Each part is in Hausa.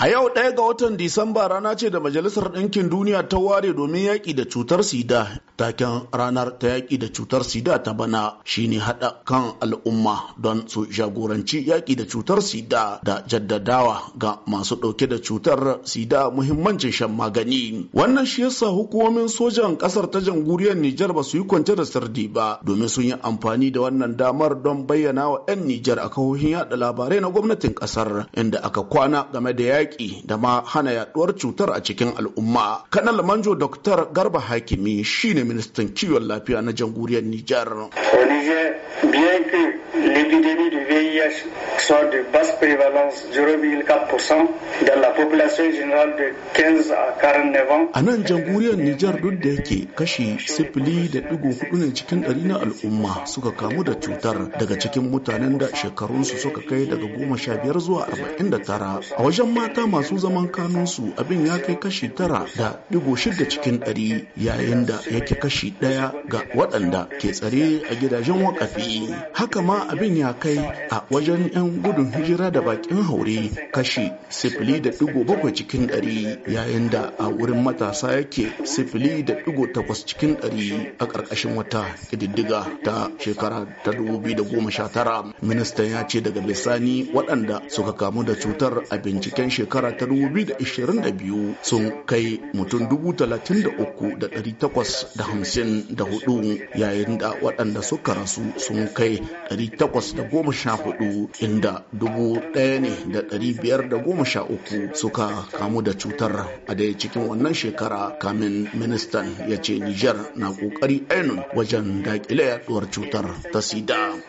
A yau ɗaya ga watan Disamba rana ce da Majalisar Ɗinkin Duniya ta ware domin yaƙi da cutar sida. Taken ranar ta yaƙi da cutar sida ta bana shine haɗa kan al'umma don su jagoranci yaƙi da cutar sida da jaddadawa ga masu ɗauke da cutar sida muhimmancin shan magani. Wannan shi yasa hukumomin sojan ƙasar ta jamhuriyar Nijar ba su yi kwance da sirdi ba domin sun yi amfani da wannan damar don bayyana wa 'yan Nijar a kahohin yaɗa labarai na gwamnatin ƙasar inda aka kwana game da yaƙi yaƙi da ma hana yaduwar cutar a cikin al'umma. Kanan Lamanjo Dr. Garba Hakimi shine ministan kiwon lafiya na jamhuriyar Nijar. bien que l'épidémie du VIH soit de basse prévalence 0,4% dans la population générale de 15 à 49 ans. A nan jamhuriyar Nijar duk da yake kashi sifili da digo hudu ne cikin ɗari na al'umma suka kamu da cutar daga cikin mutanen da shekarunsu suka kai daga goma sha biyar zuwa arba'in da tara. A wajen mata mata masu zaman kanunsu abin ya kai kashi tara da digo shida cikin ɗari yayin da yake kashi ɗaya ga waɗanda ke tsare a gidajen wakafi haka ma abin ya kai a wajen 'yan gudun hijira da bakin haure kashi sifili da digo bakwai cikin ɗari yayin da a wurin matasa yake sifili da digo takwas cikin ɗari a ƙarƙashin wata ƙididdiga ta shekara ta tara, ministan ya ce daga bisani waɗanda suka kamu da cutar a binciken shekaru shekara ta 2022 sun kai mutum 33,854 yayin da waɗanda suka rasu sun kai 814 inda 1,513 suka kamu da cutar a daya cikin wannan shekara kamin ministan ya ce Nijar na ƙoƙari ainun wajen daƙile yaduwar cutar ta sida.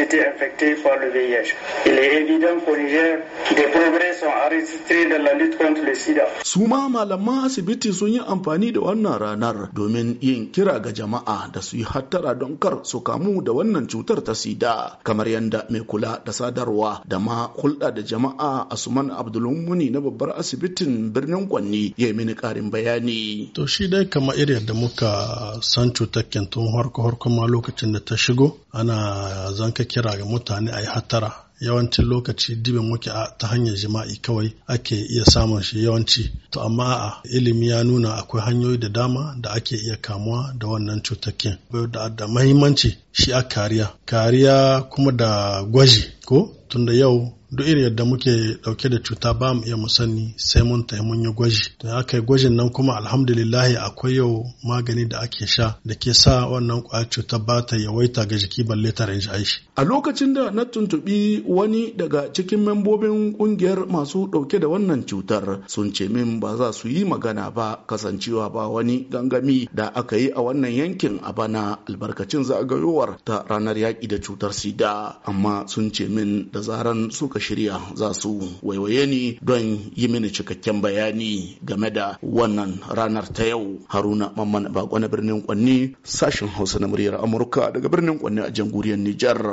été infectés par le VIH. Il est évident qu'au Niger, des progrès sont enregistrés dans la lutte contre le sida. Suma malama asibiti sun yi amfani da wannan ranar domin yin kira ga jama'a da su yi hattara don kar su kamu da wannan cutar ta sida kamar yadda mai kula da sadarwa da ma hulɗa da jama'a Asuman Abdulmuni na babbar asibitin birnin Kwanni ya mini ƙarin bayani. To shi dai kamar irin da muka san cutar kyantun harko harko ma lokacin da ta shigo ana zanka kira ga mutane a yi hattara yawancin lokaci dibin muke ta hanyar jima'i kawai ake iya samun shi yawanci to amma a ilimi ya nuna akwai hanyoyi da dama da ake iya kamuwa da wannan cutakin da da mahimmanci shi a kariya kariya kuma da gwaji ko tunda yau duk irin yadda muke dauke da cuta ba mu iya musanni sai mun ta mun yi gwaji to aka yi gwajin nan kuma alhamdulillahi akwai yau magani da ake sha da ke sa wannan kwa cuta ba ta yawaita ga jiki balle ta rinji aishi a lokacin da na tuntubi wani daga cikin membobin kungiyar masu dauke da wannan cutar sun ce min ba za su yi magana ba kasancewa ba wani gangami da aka yi a wannan yankin a bana albarkacin zagayowa sanarwar ta ranar yaƙi da cutar sida amma sun ce min da zaran suka shirya za su waiwaye ni don yi mini cikakken bayani game da wannan ranar ta yau haruna mamman bako na birnin kwanni sashen hausa na muryar amurka daga birnin kwanni a jamhuriyar nijar